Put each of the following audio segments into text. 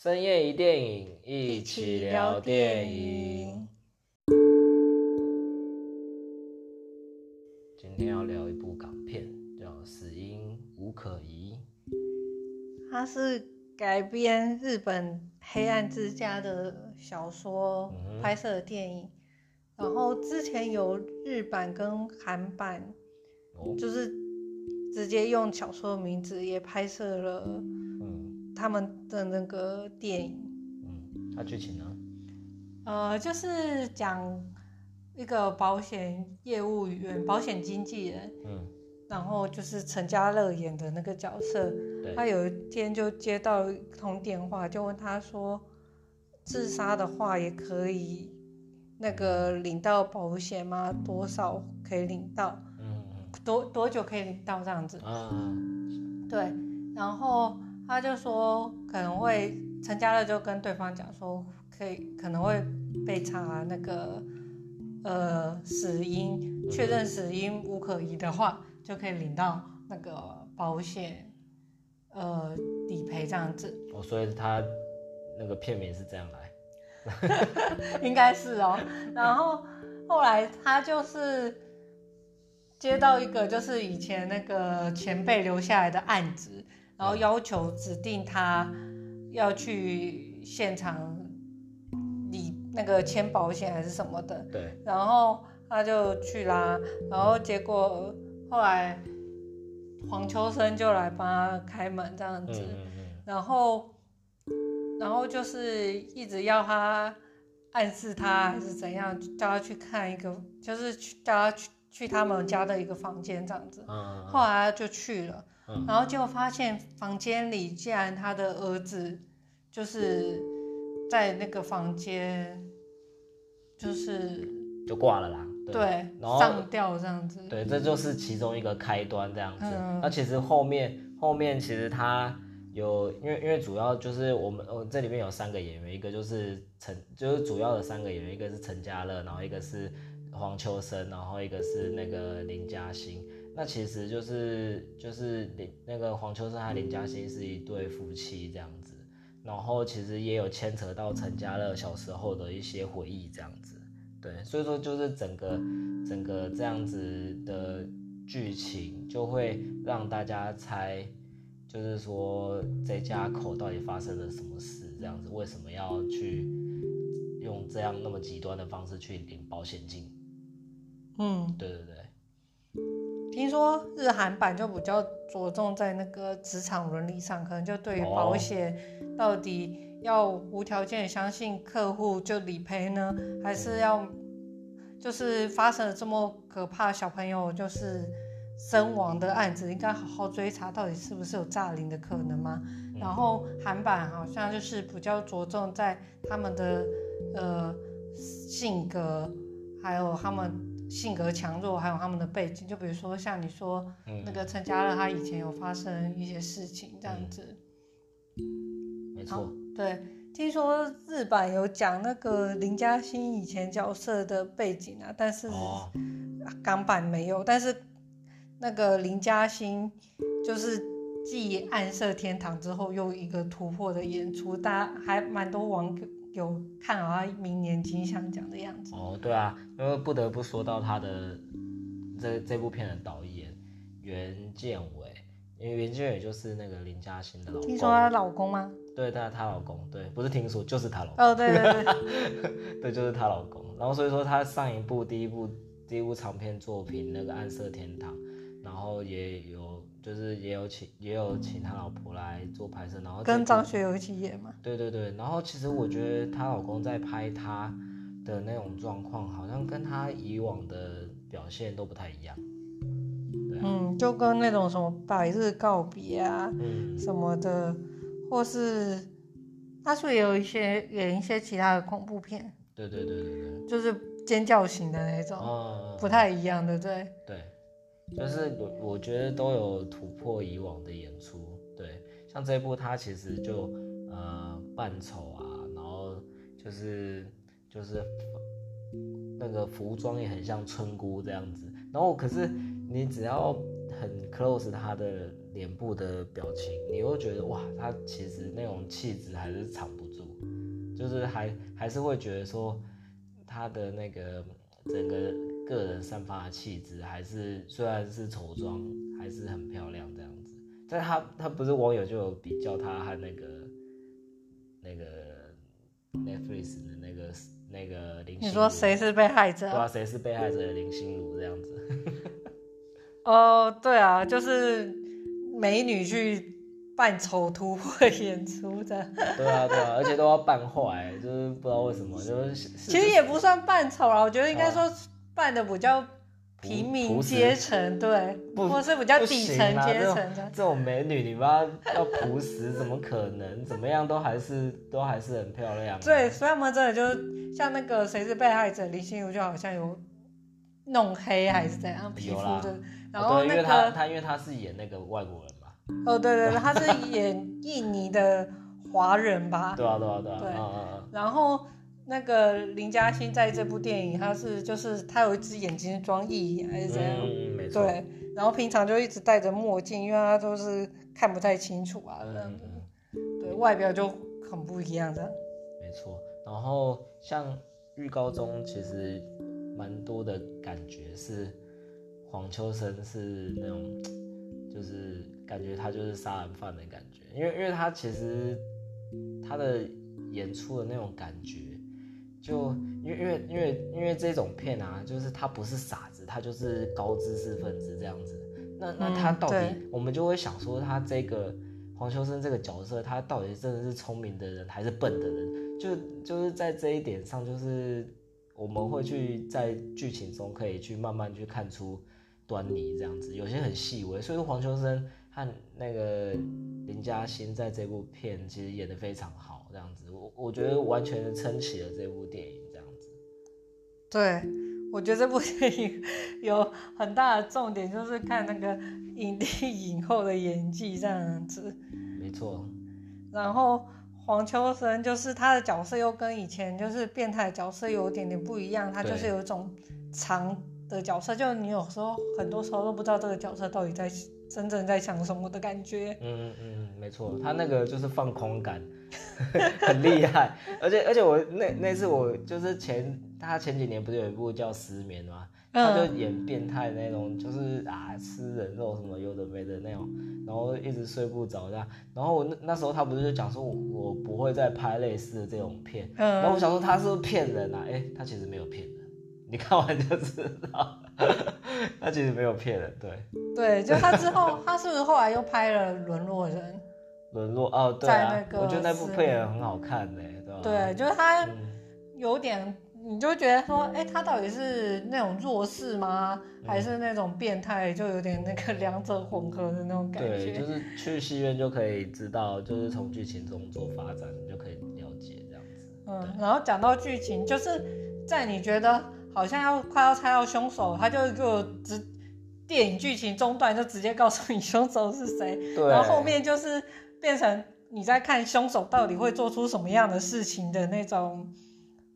深夜一電影，一起聊電影。電影今天要聊一部港片，叫《死因無可疑》。它是改編日本黑暗之家的小說拍攝的電影，嗯、哼然後之前有日版跟韓版，哦、就是直接用小說的名字也拍攝了。他們的那個電影，他它劇情呢？呃，就是講一個保險業務員、保險經紀人，然後就是陳家樂演的那個角色，他有一天就接到一通電話，就問他說，自殺的話也可以那個領到保險嗎？多少可以領到？嗯，多多久可以領到？這樣子？對，然後。他就說可能會，陳家樂就跟對方講說可以，可能會被查那個呃死因，確認死因無可疑的話，嗯、就可以領到那個保險呃理賠這樣子。哦，所以他那個片名是這樣來， 應該是哦。然後後來他就是接到一個就是以前那個前輩留下來的案子。然後要求指定他要去現場，理那個簽保險還是什麼的。對。然後他就去啦。然後結果後來黃秋生就來幫他開門這樣子。然後，然後就是一直要他暗示他還是怎樣，叫他去看一個，就是去叫他去去他們家的一個房間這樣子。嗯嗯嗯。後來他就去了。嗯、然後就發現房間裡，竟然他的兒子，就是在那個房間，就是就掛了啦，對，然後上吊這樣子。對，這就是其中一個開端這樣子。嗯、那其實後面後面其實他有，因為因為主要就是我們、哦、這裡面有三個演員，一個就是陳，就是主要的三個演員，一個是陳家樂，然後一個是黃秋生，然後一個是那個林嘉欣，那其實就是就是林那個黃秋生和林嘉欣是一對夫妻這樣子，然後其實也有牽扯到陳家樂小時候的一些回憶這樣子，對，所以說就是整個整個這樣子的劇情就會讓大家猜，就是說這家口到底發生了什麼事這樣子，為什麼要去用這樣那麼極端的方式去領保險金？嗯，對對對。聽說日韓版就比較着重在那個職場倫理上，可能就對於保險到底要無條件相信客戶就理賠呢，還是要就是發生了這麼可怕的小朋友就是身亡的案子，應該好好追查到底是不是有詐領的可能嗎？然後韓版好像就是比較着重在他們的，呃，性格還有他們。性格強弱，還有他們的背景，就比如說像你說，嗯、那個陳家樂，他以前有發生一些事情這樣子，嗯、沒錯，對，聽說日版有講那個林嘉欣以前角色的背景啊，但是，哦，港版沒有，但是那個林嘉欣就是繼《暗色天堂》之後又一個突破的演出，大家還蠻多網友。有看啊，明年金像獎的樣子。哦，對啊，因為不得不說到他的這這部片的導演袁建偉，因為袁建偉就是那個林嘉欣的老公。聽說他老公嗎？對，他她老公，對，不是聽說，就是他老公。哦，對對對，對， 對，就是他老公。然後所以說他上一部第一部第一部長篇作品、嗯、那個《暗色天堂》。然後也有，就是也有請也有請他老婆來做拍攝，然後跟張學友一起演嘛。對對對，然後其實我覺得她老公在拍她的那種狀況，好像跟她以往的表現都不太一樣。對嗯，就跟那種什麼《百日告別》啊，嗯、什麼的，或是他是也有一些演一些其他的恐怖片。對對對對對，就是尖叫型的那種，啊、不太一樣，對不對？對。就是我我覺得都有突破以往的演出，對，像這一部他其實就呃扮丑啊，然後就是就是那個服裝也很像村姑這樣子，然後可是你只要很 close 他的臉部的表情，你又覺得哇，他其實那種氣質還是藏不住，就是還還是會覺得說他的那個整個。個人散發的氣質，還是雖然是醜妝，還是很漂亮這樣子。但他他不是網友就比較他和那個那個 Netflix 的那個那個林，你說誰是被害者？對啊，誰是被害者林心如這樣子？哦，對啊，就是美女去扮醜突破演出的。對啊，對啊，而且都要扮壞欸，就是不知道為什麼，就是其實也不算扮醜啊，我覺得應該說、啊。扮的比較平民階層，對，不是比較底層階層。這種美女，你不要要樸實，怎麼可能？怎麼樣都還是都還是很漂亮。對，所以我們真的就像那個誰是被害者，林心如就好像有弄黑還是怎樣皮膚的。有啦。然後那個，他因為他是演那個外國人吧？哦，對對對，他是演印尼的華人吧？對啊對啊對啊。對啊。然後。那個林嘉欣在這部電影，他是就是他有一隻眼睛裝義眼還是怎樣，嗯、沒錯，對，然後平常就一直戴着墨鏡，因為他都是看不太清楚啊，嗯、這樣子，嗯、對，外表就很不一樣這樣。嗯嗯、沒錯，然後像預告中其實蠻多的感覺是黃秋生是那種，就是感覺他就是殺人犯的感覺，因為因為他其實他的演出的那種感覺。就因為因為因為因為這種片啊，就是他不是傻子，他就是高知識分子這樣子。那那他到底，嗯、我們就會想說，他這個黃秋生這個角色，他到底真的是聰明的人，還是笨的人？就就是在這一點上，就是我們會去在劇情中可以去慢慢去看出端倪這樣子。有些很細微，所以黃秋生和那個林嘉欣在這部片其實演得非常好。這樣子，我我覺得完全是撐起了這部電影。這樣子，對，我覺得這部電影有很大的重點，就是看那個影帝、影後的演技。這樣子，沒錯錯。然後黃秋生就是他的角色又跟以前就是變態的角色有點點不一樣，他就是有一種長的角色，對就你有時候很多時候都不知道這個角色到底在真正在想什麼的感覺。嗯嗯嗯，沒錯，他那個就是放空感。 很厲害，而且而且我那那次我就是前他前幾年不是有一部叫《失眠》嗎？他就演變態那種，就是啊吃人肉什麼有的沒的那種，然後一直睡不着這樣。然後我那那時候他不是就講說我，我不會再拍類似的這種片，嗯、然後我想說他是不是騙人啊？誒、欸，他其實沒有騙人，你看完就知道， 他其實沒有騙人。對對，就他之後 他是不是後來又拍了《淪落人》？淪落哦，對啊，我覺得那部片很好看呢，欸，對對，就是他有點，嗯、你就覺得說，哎，他到底是那種弱勢嗎？嗯、還是那種變態？就有點那個兩者混合的那種感覺。對，就是去戲院就可以知道，就是從劇情中做發展，你就可以了解這樣子。嗯，然後講到劇情，就是在你覺得好像要快要猜到凶手，他就是給我直電影劇情中斷，就直接告訴你凶手是誰。對，然後後面就是。變成你在看凶手到底會做出什麼樣的事情的那種，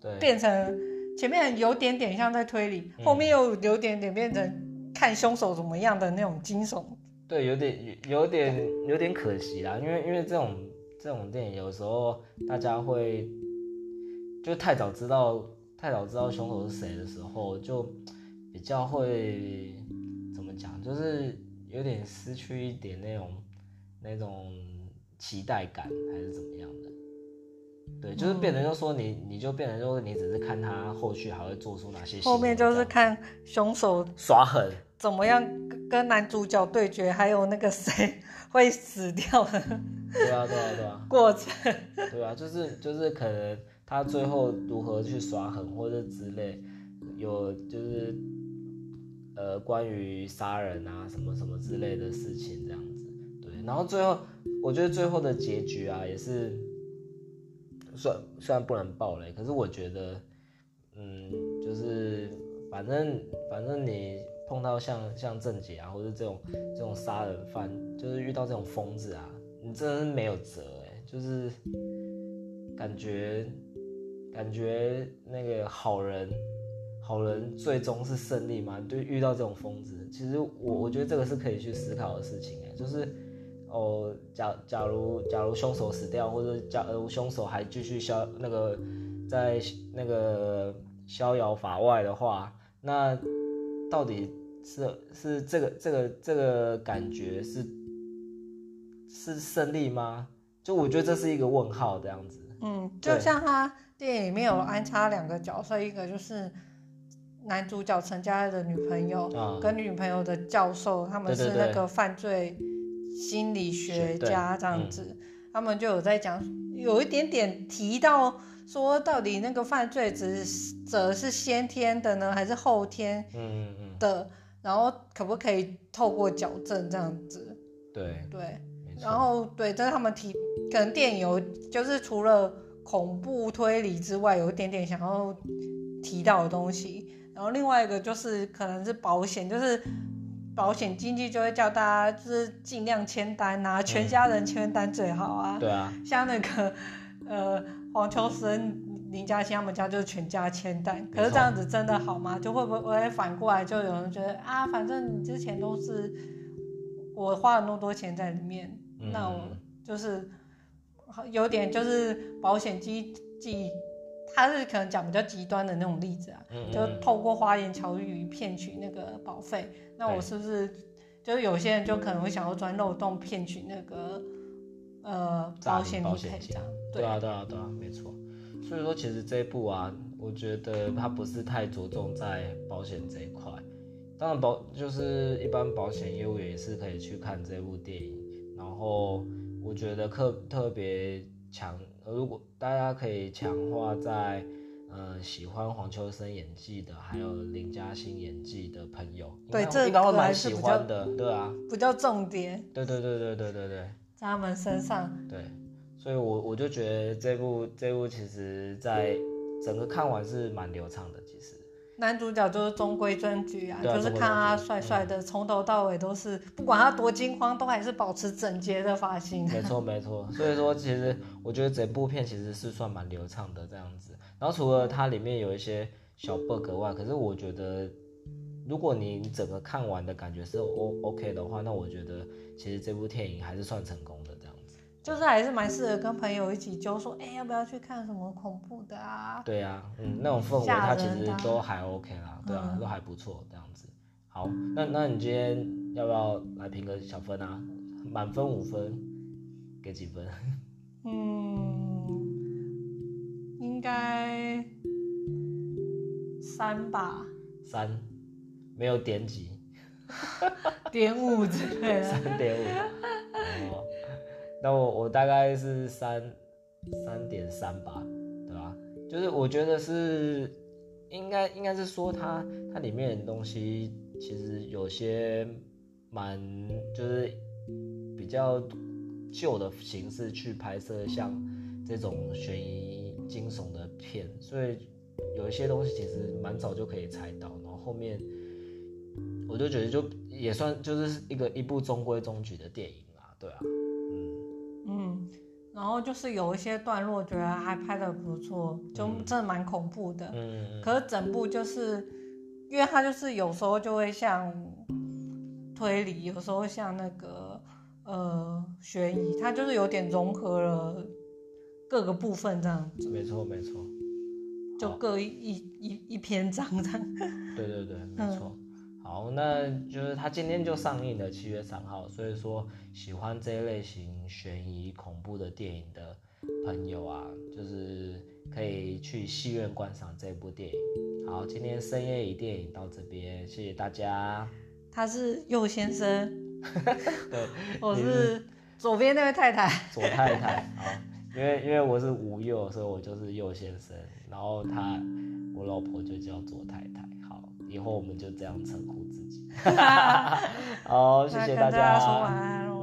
對，變成前面有點點像在推理，嗯、後面又有點點變成看凶手怎麼樣的那種驚悚。對，有點有點有點可惜啦，因為因為這種這種電影有時候大家會就太早知道太早知道凶手是誰的時候，就比較會怎麼講，就是有點失去一點那種那種。期待感還是怎麼樣的？對，就是變成就說你，你就變成就說你只是看他後續還會做出哪些。後面就是看凶手耍狠，怎麼樣跟男主角對決，還有那個誰會死掉的，嗯。對啊，對啊，對啊。過程。對啊，就是就是可能他最後如何去耍狠或者之類，有就是，呃，關於殺人啊什麼什麼之類的事情這樣。然後最後，我覺得最後的結局啊，也是，雖雖然不能爆雷，可是我覺得，嗯，就是反正反正你碰到像像鄭杰啊，或者這種這種殺人犯，就是遇到這種瘋子啊，你真的是沒有轍哎，就是感覺感覺那個好人好人最終是勝利嘛，就遇到這種瘋子，其實我我覺得這個是可以去思考的事情哎，就是。哦，假假如假如兇手死掉，或者假如兇手還繼續逍那個在那個逍遙法外的話，那到底是是這個這個這個感覺是是勝利嗎？就我覺得這是一個問號這樣子。嗯，就像他電影裡面有安插兩個角色，對一個就是男主角陳家樂的女朋友，啊、跟女朋友的教授，他們是那個犯罪心理學家這樣子，嗯、他們就有在講，有一點點提到說，到底那個犯罪者是先天的呢，還是後天的？的、嗯嗯嗯，然後可不可以透過矯正這樣子？對對，對，沒錯，然後對，但是他們提，可能電影有，就是除了恐怖推理之外，有一點點想要提到的東西。然後另外一個就是，可能是保險，就是。保險經紀就會叫大家就是盡量簽單吶、啊，全家人簽單最好啊。嗯、對啊，像那個呃黃秋生、林嘉欣他們家就是全家簽單。嗯、可是這樣子真的好嗎？嗯、就會不會反過來就有人覺得啊，反正你之前都是我花了那麼多錢在裡面，嗯嗯嗯那我就是有點就是保險經紀他是可能講比較極端的那種例子啊，嗯嗯就透過花言巧語騙取那個保費。嗯嗯那我是不是，對就是有些人就可能會想要鑽漏洞騙取那個呃欺保險保險。對，對啊對啊對啊，嗯、沒錯。所以說其實這一部啊，我覺得他不是太着重在保險這一塊。當然保就是一般保險業務員也是可以去看這部電影。然後我覺得特特別強。如果大家可以強化在，嗯、呃，喜歡黃秋生演技的，還有林嘉欣演技的朋友，對，我這個還蠻喜歡的，比較對啊，比較重點，對對對對對對對，在他們身上，對，所以我我就覺得這部這部其實在整個看完是蠻流暢的，其實。男主角就是中規中矩啊，啊就是看他帥帥的，嗯、從頭到尾都是，不管他多驚慌，都還是保持整潔的髮型的、嗯。沒錯沒錯，所以說其實我覺得整部片其實是算蠻流暢的這樣子。然後除了它裡面有一些小 bug 外，可是我覺得如果你整個看完的感覺是 OK 的話，那我覺得其實這部電影還是算成功的。就是還是蠻適合跟朋友一起揪，說，哎、欸，要不要去看什麼恐怖的啊？對啊，嗯，那種氛圍它其實都還 OK 啦，啊嗯、對啊，都還不錯這樣子。好，那那你今天要不要來評個小分啊？滿分五分，給幾分？嗯，應該三吧。三，沒有點幾？ 點五之類 三點五。那我我大概是三，三點三吧，對吧？就是我覺得是，應該應該是說它它裡面的東西其實有些蠻就是比較舊的形式去拍攝像這種懸疑驚悚的片，所以有一些東西其實蠻早就可以猜到。然後後面我就覺得就也算就是一個一部中規中矩的電影啦，對啊。嗯，然後就是有一些段落覺得還拍的不錯，就真的蠻恐怖的。嗯，可是整部就是，嗯、因為它就是有時候就會像推理，有時候像那個呃懸疑，它就是有點融合了各個部分這樣。沒錯沒錯，沒錯就各一好一一篇章這樣。對對對，沒錯。嗯、好，那就是它今天就上映了，七月三號，所以說。喜歡這一類型懸疑恐怖的電影的朋友啊，就是可以去戲院觀賞這部電影。好，今天深夜影電影到這邊，謝謝大家。他是右先生，嗯、 對， 我是左邊那位太太，左太太。好，因為因為我是吳右，所以我就是右先生。然後他，嗯、我老婆就叫左太太。好，以後我們就這樣稱呼自己。 好，謝謝大家，大家